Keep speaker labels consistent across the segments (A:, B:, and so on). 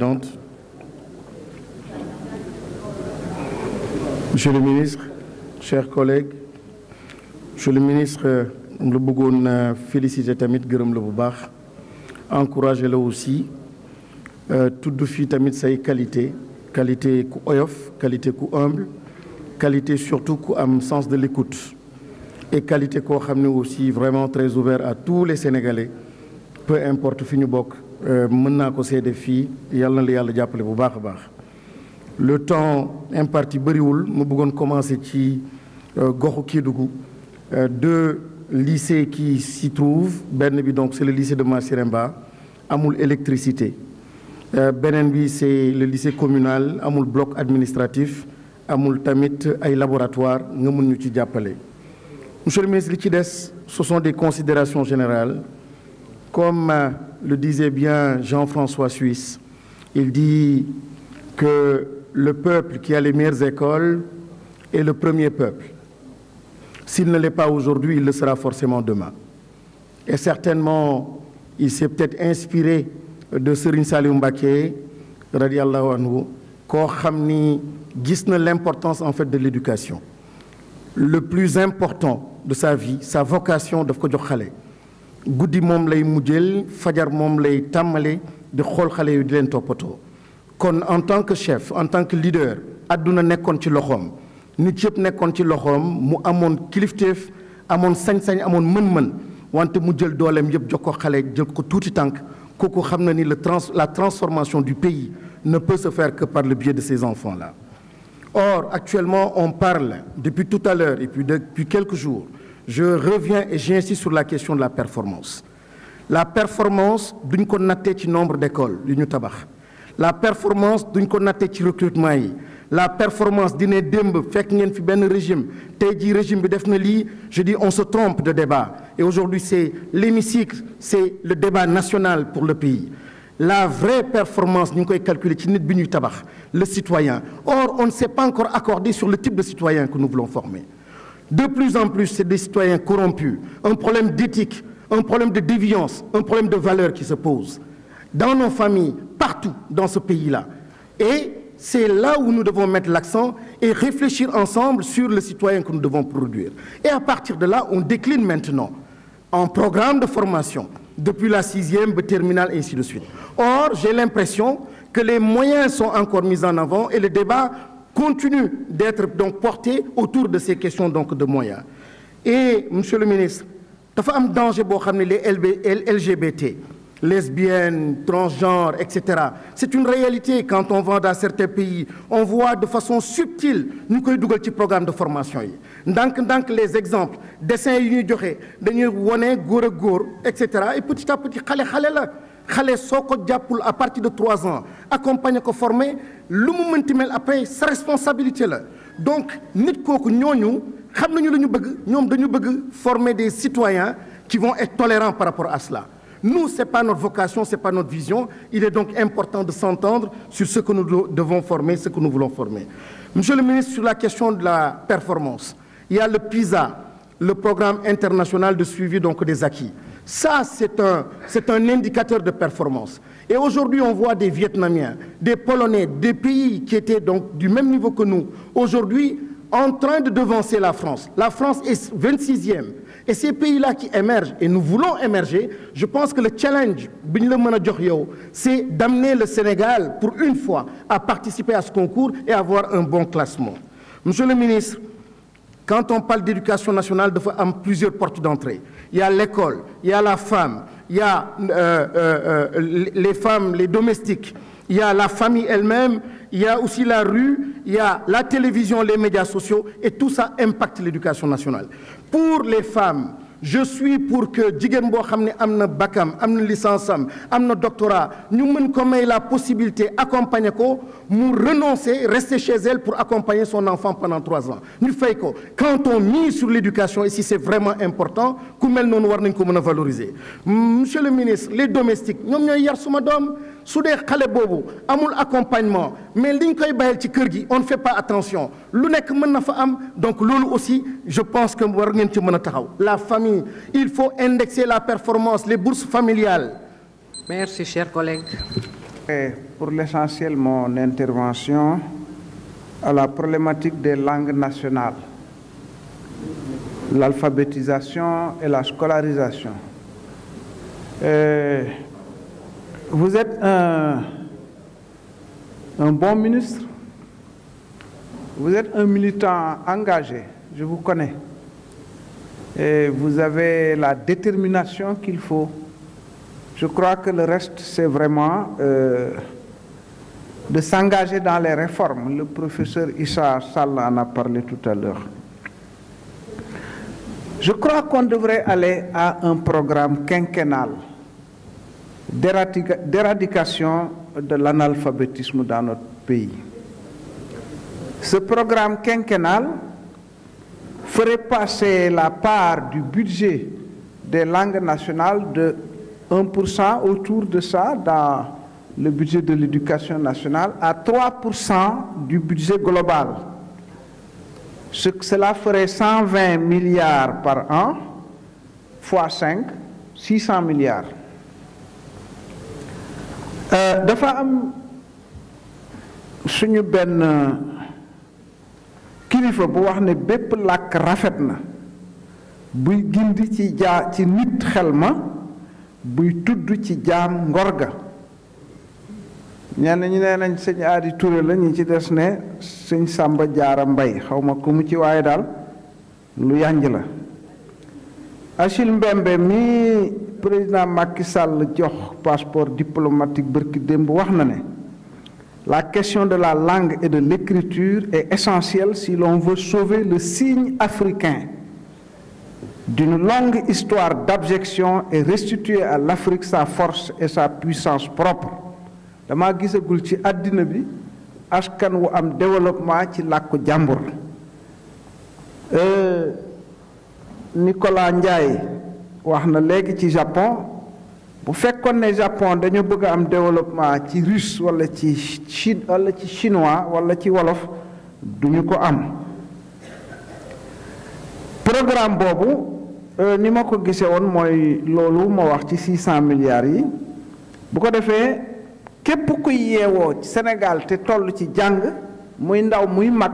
A: présidente, monsieur le ministre, chers collègues monsieur le ministre lu bëggoon na euh, féliciter tamit gërëm la bu baax encourager la aussi euh, tudd fii tamit say qualité qualité ku oyof qualité ku humble qualité surtout ku am sens de l'écoute et qualité koo xam ne aussi vraiment très ouvert à tous les Sénégalais peu importe fi ñu bokk Euh, mën naa ko seede fii yàlla na la yàlla jàppale bu baax a baax le temps imparti bëriwul mu bëggoon commencer ci euh, goxu kii Kédougou euh, deux lycées qui s'y trouvent benn bi donc c'est le lycée de Massiremba amul électricité beneen bi c'est le lycée communal amul bloc administratif amul tamit ay laboratoire nga mun ñu ci jàppale monsieur le ministre li ci des ce sont des considérations générales comme le disait bien Jean-François Suisse. Il dit que le peuple qui a les meilleures écoles est le premier peuple. S'il ne l'est pas aujourd'hui, il le sera forcément demain. Et certainement, il s'est peut-être inspiré de Serigne Saliou Mbacké radiallahu anhu koo xam ni gis na l'importance en fait de l'éducation le plus important de sa vie sa vocation daf ko jox xale guddi moom lay mu jël fajar moom lay tàmmale di xool xale yu di leen toppatoo kon en tant que chef en tant que leader àdduna nekkoon ci loxoom nit yëpp nekkoon ci loxoom mu amoon kilifteef amoon sañ-sañ amoon mën-mën wante mu jël dooleem yëpp jox ko xale jël ko tuuti tànk kooku xam na ni le trans la transformation du pays ne peut se faire que par le biais de ces enfants la or actuellement on parle depuis tout à l'heure et puis depuis quelques jours je reviens et j'insiste sur la question de la performance la performance duñ ko nattee ci nombre d'écoles yu ñu tabax la performance duñ ko nattee ci recrutement yi la performance dina démb fekk ngeen fi benn régime tey jii régime bi def na lii je dis on se trompe de débat et aujourd'hui c'est l'hémicycle c'est le débat national pour le pays la vraie performance ñu ngi koy calculer ci nit bi ñuy tabax le citoyen or on ne s'est pas encore accordé sur le type de citoyen De plus en plus, c'est des citoyens corrompus, un problème d'éthique, un problème de déviance, un problème de valeur qui se pose dans nos familles, partout dans ce pays-là. Et c'est là où nous devons mettre l'accent et réfléchir ensemble sur le citoyen que nous devons produire. Et à partir de là, on décline maintenant en programme de formation, depuis la sixième, terminale, et ainsi de suite. Or, j'ai l'impression que les moyens sont encore mis en avant et continue d'être donc portée autour de ces questions donc de moyens et monsieur le ministre dafa am danger boo xam ne les LGBT lesbiennes transgenres et cetera c'est une réalité quand on va dans certains pays on voit de façon subtile ñu koy dugal ci programme de formation yi ndànk-ndànk les exemples dessins yi ñuy joxe dañuy wone góor ak góor et cetera et petit à petit xale-xale la xale soo ko jàppul à partir de trois ans accompagner ko former lu mu mënti mel après sa responsabilité la donc nit kooku ñooñu xam nañu la ñu bëgg ñoom dañu bëgg former des citoyens qui vont être tolérants par rapport à cela nous c'est pas notre vocation c'est pas notre vision il est donc important de s'entendre sur ce que nous devons former ce que nous voulons former monsieur le ministre sur la question de la performance il y a le PISA le programme de suivi donc des acquis Ça, c'est un, un indicateur de performance. Et aujourd'hui, on voit des Vietnamiens, des Polonais, des pays qui étaient donc du même niveau que nous, aujourd'hui en train de devancer la France. La France est 26 Et ces pays-là qui émergent, et nous voulons émerger, je pense que le challenge, c'est d'amener le Sénégal, pour une fois, à participer à ce concours un bon Quand on parle d'éducation nationale, il faut plusieurs portes d'entrée. Il y a l'école, il y a la femme, il y a euh, euh, euh, les femmes, les domestiques, il y a la famille elle-même, il y a aussi la rue, il y a la télévision, les médias sociaux, et tout ça impacte l'éducation nationale. Pour les femmes, je suis pour que jigéen boo xam ne am na bakkam am na licence am am na doctorat ñu mën ko may la possibilité accompagner ko mu renoncer rester chez elle pour accompagner son enfant pendant trois ans ñu fay ko quand on sur l'éducation ici c'est vraiment important ku mel noonu war nañ ko mën a valoriser monsieur le ministre les domestiques ñoom ñooy yar suma doom su dee xale boobu amul accompagnement mais liñ koy bàyyil ci kër gi on ne fait pas attention lu nekk mën na fa am donc loolu aussi je pense que war ngeen ci mën a taxaw la famille il faut indexer la performance les bourses familiales
B: merci cher collègue Et pour l'essentiel mon intervention à la problématique des langues nationales l'alphabétisation et la scolarisation Et vous êtes un, un bon ministre, vous êtes un militant engagé, je vous connais. Et vous avez la détermination qu'il faut. Je crois que le reste, c'est vraiment euh, de s'engager dans les réformes. Le professeur Issa Sall en a parlé tout à l'heure. Je crois qu'on devrait aller à un programme quinquennal d'éradication de l'analphabétisme dans notre pays. Ce programme quinquennal ferait passer la part du budget des langues nationales de 1% autour de ça dans le budget de l'éducation nationale à 3% du budget global. Ce que cela ferait 120 milliards par an, fois 5, 600 milliards. dafa am suñu benn kilifa bu wax ne bépp làkk rafet na buy gindi ci jaa ci nit xel ma buy tudd ci jaam ngor ga ñenn ñi nee nañ sëñ aadi Touré la ci des ne sëñ Sàmba Jaara Mbay xawma ma ku mu ci waaye daal lu yànj la Achille Mbembe mi président Macky Sall jox passeport diplomatique bërki démb wax na ne la question de la langue et de l'écriture est essentielle si l'on veut sauver le signe africain d'une longue histoire d'abjection et restituer à l'Afrique sa force et sa puissance propre dama gisagul ci àddina bi askan wu am développement ci làkku jàmbur euh, Nicolas Ndiaye wax na léegi ci Japon bu fekkoon ne Japon dañu bëgg am développement ci russe wala ci chi wala ci chinois walla ci wolof duñu ko am programme boobu euh, ni ma ko gisee woon mooy loolu ma wax ci six cent milliards yi bu ko defee képp ku yeewoo senegal te toll ci jàng muy ndaw muy mag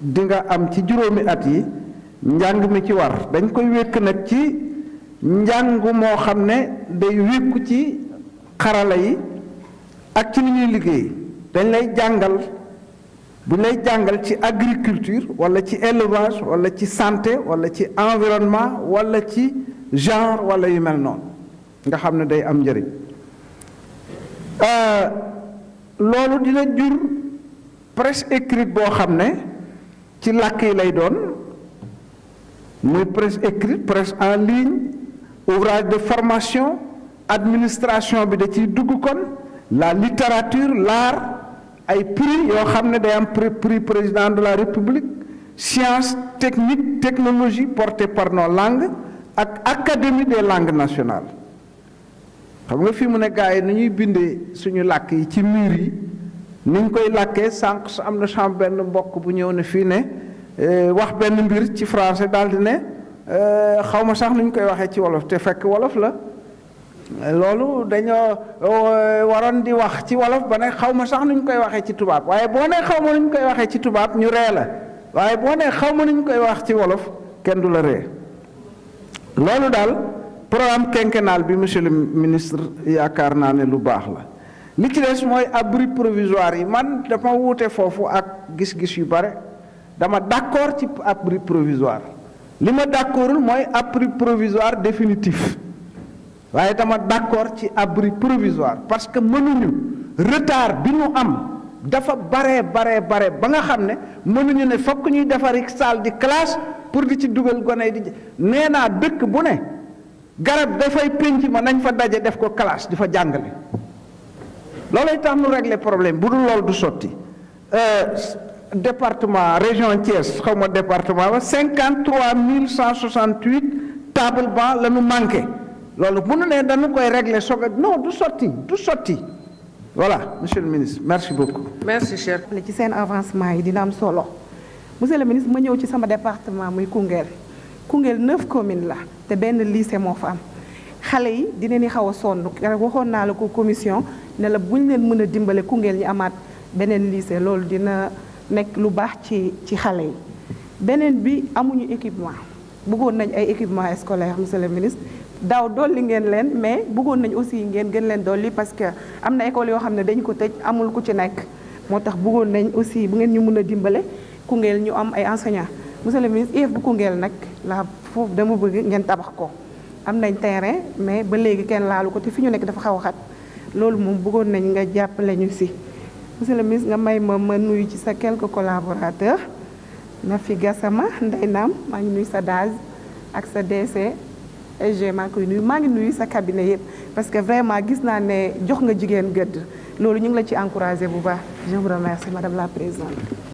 B: di nga am ci juróomi at yi njàng mi ci war dañ koy wékk nag ci njàng moo xam ne day wékku ci xarala yi ak ci ni ñuy liggéey dañ lay jàngal bu lay jàngal ci agriculture walla ci élevage walla ci santé walla ci environnement walla ci genre walla yu mel noonu nga xam ne day am njëriñ euh, loolu dina jur presse écrite boo xam ne ci làkk yi lay doon muy presse écrite presse en ligne ouvrage de formation administration bi da ciy dugg kon la littérature l'art ay prix yoo xam ne day am prix président de la république science technique technologie portée par nos langues ak académie des langues nationales xam nga fi mu ne gars yi ni ñuy bindee suñu làkk yi ci miir yi ni ñu koy làkkee sànq su am na chambre benn mbokk bu ñëw ne fii ne eh, wax benn mbir ci français daal di ne Euh, xaw ma sax nuñ koy waxee ci wolof te fekk wolof la loolu dañoo euh, waroon di wax ci wolof ba ne xaw ma sax nuñ koy waxee ci tubaab waaye boo nee xaw ma nuñ koy waxee ci tubaab ñu ree la waaye boo nee xaw ma nuñ koy wax ci wolof kenn du la ree loolu daal programme quinquennal bi monsieur le ministre yaakaar naa ne lu baax la li ci des mooy abri provisoire yi man dama wuute foofu ak gis-gis yu bare dama d'accord ci abri provisoire li ma d'accordul mooy abri provisoire définitif waaye dama d'accord ci abri provisoire parce que mënuñu retard bi mu am dafa bare bare bare ba nga xam ne mënuñu ne fokk ñuy defari salle de classe pour di ci dugal gone di nee naa dëkk bu ne garab dafay pénc ma nañ fa daje def ko classe di fa jàngale loolay tax nu régler problème bu dul loolu du sotti euh, département région Thiès xaw ma département ba cinquante trois mille cent soixante huit table banc la ñu manqué loolu bu nu nee dañu koy régler soog non du sotti du sotti voilà monsieur le ministre merci beaucoup.
C: merci cher. ci seen avancement yi dina am solo monsieur le ministre ma ñëw ci sama département muy Koungheul Koungheul neuf commune la te benn lycée moo fa am xale yi dinañu xaw a sonn waxoon naa la ko commission ne la buñ leen mën a dimbale Koungheul ñu amaat beneen lycée loolu dina. nekk lu baax ci ci xale yi beneen bi amuñu équipement bëggoon nañ ay équipement scolaire monsieur le ministre daaw dolli ngeen leen mais bëggoon nañ aussi ngeen gën leen dolli parce que am na école yoo xam ne dañu ko tëj amul ku ci nekk moo tax bëggoon nañ aussi bu ngeen ñu mën a dimbale Koungheul ñu am ay enseignants monsieur le ministre IEF bu Koungheul nag laa foofu dama bëgg ngeen tabax ko am nañ terrain mais ba léegi kenn laalu ko te fi ñu nekk dafa xaw a xat loolu nañ nga jàppale si monsieur le ministre nga may ma ma nuyu ci sa quelques collaborateurs Nafi Gassama Ndeye Naam maa ngi nuyu sa DAG ak sa DC SG maa ngi koy nuyu maa ngi nuyu sa cabinet yëpp parce que vraiment gis naa ne jox nga jigéen gëdd loolu ñu ngi la ci encouragé bu baax je vous remercie madame la présidente.